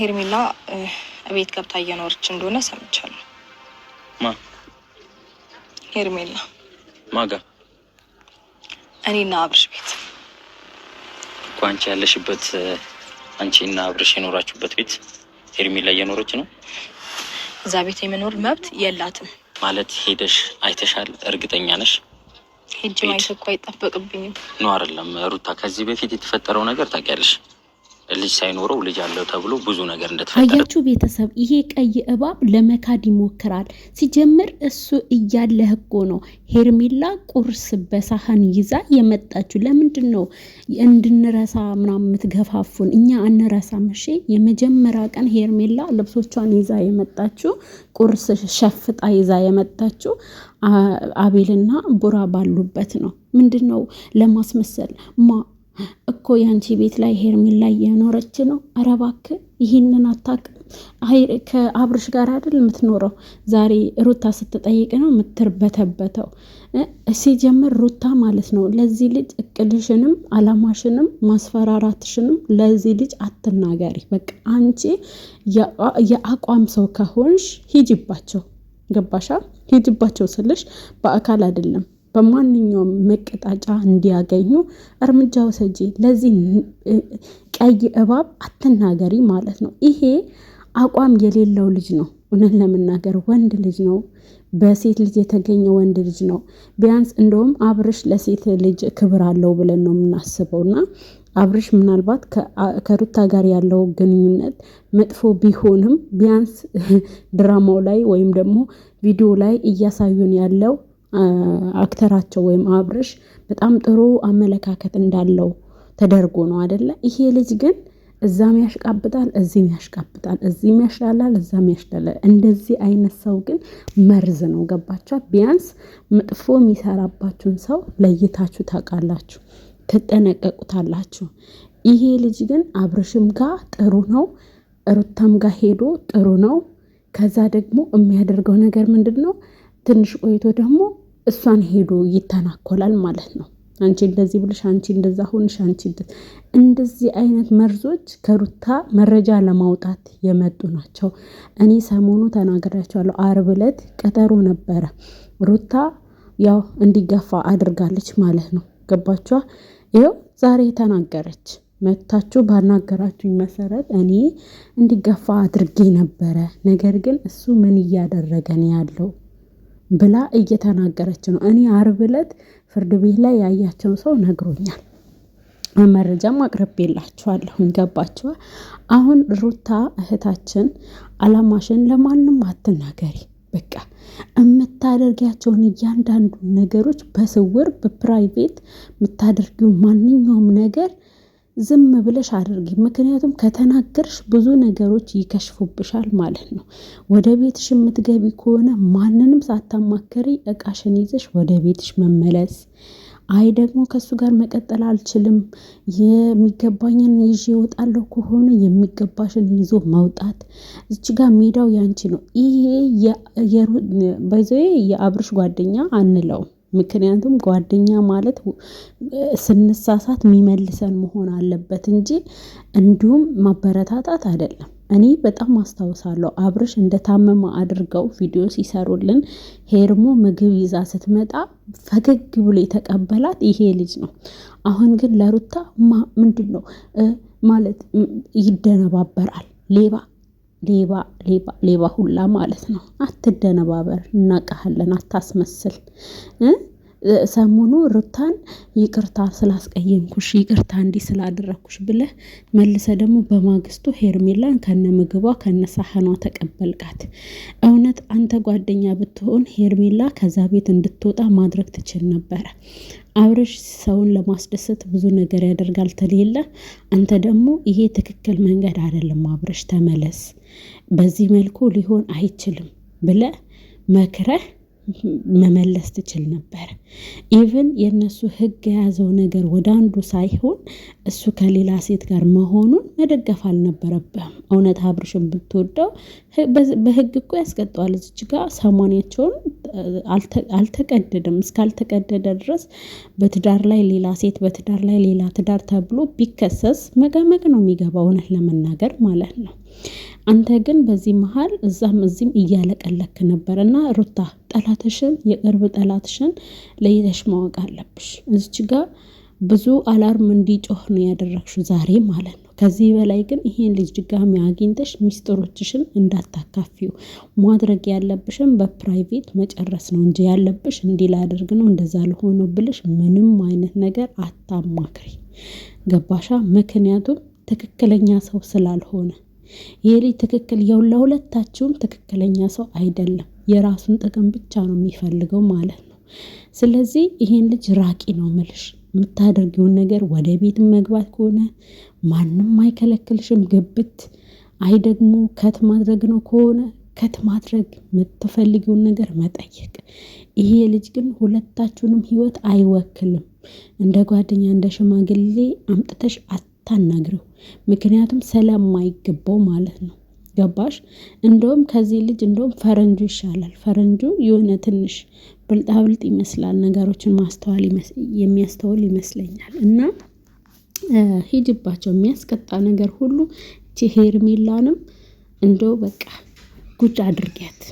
ሄርሜላ ቤት ገብታ እየኖረች እንደሆነ ሰምቻለሁ። ማ ሄርሜላ ማጋ? እኔና አብርሽ ቤት እኮ። አንቺ ያለሽበት አንቺና አብርሽ የኖራችሁበት ቤት ሄርሜላ እየኖረች ነው? እዛ ቤት የመኖር መብት የላትም ማለት ሄደሽ አይተሻል? እርግጠኛ ነሽ? ሄጅ ማየት እኮ አይጠበቅብኝም። ነው አይደለም ሩታ፣ ከዚህ በፊት የተፈጠረው ነገር ታውቂያለሽ። ልጅ ሳይኖረው ልጅ አለው ተብሎ ብዙ ነገር እንደተፈጠረ አያችሁ ቤተሰብ። ይሄ ቀይ እባብ ለመካድ ይሞክራል። ሲጀምር እሱ እያለ ህጎ ነው ሄርሜላ ቁርስ በሳህን ይዛ የመጣችሁ። ለምንድን ነው እንድንረሳ ምናምን የምትገፋፉን? እኛ አንረሳ መሼ። የመጀመሪያ ቀን ሄርሜላ ልብሶቿን ይዛ የመጣችሁ ቁርስ ሸፍጣ ይዛ የመጣችሁ አቤልና ቡራ ባሉበት ነው። ምንድን ነው ለማስመሰል ማ እኮ የአንቺ ቤት ላይ ላይ የኖረች ነው። ኧረ እባክህ ይህንን አታውቅም። ከአብርሽ ጋር አይደል የምትኖረው? ዛሬ ሩታ ስትጠይቅ ነው የምትርበተበተው። ሲጀምር ሩታ ማለት ነው ለዚህ ልጅ እቅድሽንም አላማሽንም ማስፈራራትሽንም ለዚህ ልጅ አትናገሪ። በቃ አንቺ የአቋም ሰው ከሆንሽ ሂጅባቸው። ገባሻ? ሂጅባቸው ስልሽ በአካል አይደለም በማንኛውም መቀጣጫ እንዲያገኙ እርምጃ ውሰጂ። ለዚህ ቀይ እባብ አትናገሪ ማለት ነው። ይሄ አቋም የሌለው ልጅ ነው። እውነት ለመናገር ወንድ ልጅ ነው። በሴት ልጅ የተገኘ ወንድ ልጅ ነው። ቢያንስ እንደውም አብርሽ ለሴት ልጅ ክብር አለው ብለን ነው የምናስበው እና አብርሽ ምናልባት ከሩታ ጋር ያለው ግንኙነት መጥፎ ቢሆንም ቢያንስ ድራማው ላይ ወይም ደግሞ ቪዲዮ ላይ እያሳዩን ያለው አክተራቸው ወይም አብርሽ በጣም ጥሩ አመለካከት እንዳለው ተደርጎ ነው አደለ። ይሄ ልጅ ግን እዛም ያሽቃብጣል፣ እዚህም ያሽቃብጣል፣ እዚህም ያሽላላል፣ እዛም ያሽላላል። እንደዚህ አይነት ሰው ግን መርዝ ነው። ገባችኋል? ቢያንስ መጥፎ የሚሰራባችሁን ሰው ለይታችሁ ታውቃላችሁ፣ ትጠነቀቁታላችሁ። ይሄ ልጅ ግን አብርሽም ጋር ጥሩ ነው፣ ሩታም ጋር ሄዶ ጥሩ ነው። ከዛ ደግሞ የሚያደርገው ነገር ምንድን ነው? ትንሽ ቆይቶ ደግሞ እሷን ሄዶ ይተናኮላል ማለት ነው። አንቺ እንደዚህ ብልሽ፣ አንቺ እንደዛ ሆንሽ፣ አንቺ እንደዚህ አይነት መርዞች ከሩታ መረጃ ለማውጣት የመጡ ናቸው። እኔ ሰሞኑ ተናግሬያቸዋለሁ። አርብ ዕለት ቀጠሮ ነበረ። ሩታ ያው እንዲገፋ አድርጋለች ማለት ነው። ገባችኋ? ይኸው ዛሬ ተናገረች። መታችሁ ባናገራችሁኝ መሰረት እኔ እንዲገፋ አድርጌ ነበረ። ነገር ግን እሱ ምን እያደረገ ነው ያለው ብላ እየተናገረች ነው። እኔ አርብ ዕለት ፍርድ ቤት ላይ ያያቸውን ሰው ነግሮኛል። መረጃም አቅርቤላችኋለሁ። ገባችኋ? አሁን ሩታ እህታችን አላማሽን ለማንም አትናገሪ። በቃ የምታደርጊያቸውን እያንዳንዱ ነገሮች በስውር በፕራይቬት የምታደርጊው ማንኛውም ነገር ዝም ብለሽ አድርጊ። ምክንያቱም ከተናገርሽ ብዙ ነገሮች ይከሽፉብሻል ማለት ነው። ወደ ቤትሽ የምትገቢ ከሆነ ማንንም ሳታማከሪ እቃሽን ይዘሽ ወደ ቤትሽ መመለስ። አይ ደግሞ ከሱ ጋር መቀጠል አልችልም፣ የሚገባኝን ይዤ እወጣለሁ ከሆነ የሚገባሽን ይዞ መውጣት። እች ጋር ሜዳው ያንቺ ነው። ይሄ በዘ የአብርሽ ጓደኛ አንለውም ምክንያቱም ጓደኛ ማለት ስንሳሳት የሚመልሰን መሆን አለበት እንጂ እንዲሁም ማበረታታት አይደለም። እኔ በጣም አስታውሳለሁ አብርሽ እንደታመመ አድርገው ቪዲዮ ሲሰሩልን ሄርሞ ምግብ ይዛ ስትመጣ ፈገግ ብሎ የተቀበላት ይሄ ልጅ ነው። አሁን ግን ለሩታ ምንድን ነው ማለት ይደነባበራል ሌባ ሌባ ሌባ ሌባ ሁላ ማለት ነው። አትደነባበር፣ እናውቃሃለን፣ አታስመስል። ሰሞኑ ሩታን ይቅርታ ስላስቀየምኩሽ ይቅርታ እንዲህ ስላደረግኩሽ ብለህ መልሰ ደግሞ በማግስቱ ሄርሜላን ከነ ምግቧ ከነ ሳህኗ ተቀበልቃት። እውነት አንተ ጓደኛ ብትሆን ሄርሜላ ከዛ ቤት እንድትወጣ ማድረግ ትችል ነበረ። አብረሽ ሰውን ለማስደሰት ብዙ ነገር ያደርጋል ተሌለ አንተ ደግሞ ይሄ ትክክል መንገድ አይደለም፣ አብረሽ ተመለስ፣ በዚህ መልኩ ሊሆን አይችልም ብለህ መክረህ መመለስ ትችል ነበር። ኢቭን የእነሱ ህግ የያዘው ነገር ወደ አንዱ ሳይሆን እሱ ከሌላ ሴት ጋር መሆኑን መደገፍ አልነበረብህም። እውነት አብርሽን ብትወደው በህግ እኮ ያስቀጠዋል። እዚች ጋ ሰሞኔቸውን አልተቀደደም። እስካልተቀደደ ድረስ በትዳር ላይ ሌላ ሴት፣ በትዳር ላይ ሌላ ትዳር ተብሎ ቢከሰስ መቀመቅ ነው የሚገባ እውነት ለመናገር ማለት ነው። አንተ ግን በዚህ መሀል እዛም እዚህም እያለቀለክ ነበር እና ሩታ ጠላትሽን የቅርብ ጠላትሽን ለይተሽ ማወቅ አለብሽ። እዚች ጋር ብዙ አላርም እንዲጮህ ነው ያደረግሽው ዛሬ ማለት ነው። ከዚህ በላይ ግን ይሄን ልጅ ድጋሚ አግኝተሽ ሚስጥሮችሽን እንዳታካፊው ማድረግ ያለብሽን በፕራይቬት መጨረስ ነው እንጂ ያለብሽ እንዲህ ላደርግ ነው እንደዛ ልሆኑ ብልሽ ምንም አይነት ነገር አታማክሪ። ገባሻ? ምክንያቱም ትክክለኛ ሰው ስላልሆነ ይሄ ልጅ ትክክል የው ለሁለታችሁም ትክክለኛ ሰው አይደለም። የራሱን ጥቅም ብቻ ነው የሚፈልገው ማለት ነው። ስለዚህ ይሄን ልጅ ራቂ ነው ምልሽ። የምታደርጊውን ነገር ወደ ቤት መግባት ከሆነ ማንም አይከለክልሽም። ግብት አይ ደግሞ ከት ማድረግ ነው ከሆነ ከት ማድረግ የምትፈልጊውን ነገር መጠየቅ። ይሄ ልጅ ግን ሁለታችሁንም ህይወት አይወክልም። እንደ ጓደኛ እንደ ሽማግሌ አምጥተሽ አታናግሪው። ምክንያቱም ስለማይገባው ማለት ነው። ገባሽ? እንደውም ከዚህ ልጅ እንደውም ፈረንጁ ይሻላል። ፈረንጁ የሆነ ትንሽ ብልጣብልጥ ይመስላል። ነገሮችን ማስተዋል የሚያስተውል ይመስለኛል። እና ሂጅባቸው። የሚያስቀጣ ነገር ሁሉ ሄርሜላንም እንደው በቃ ጉጭ አድርጊያት።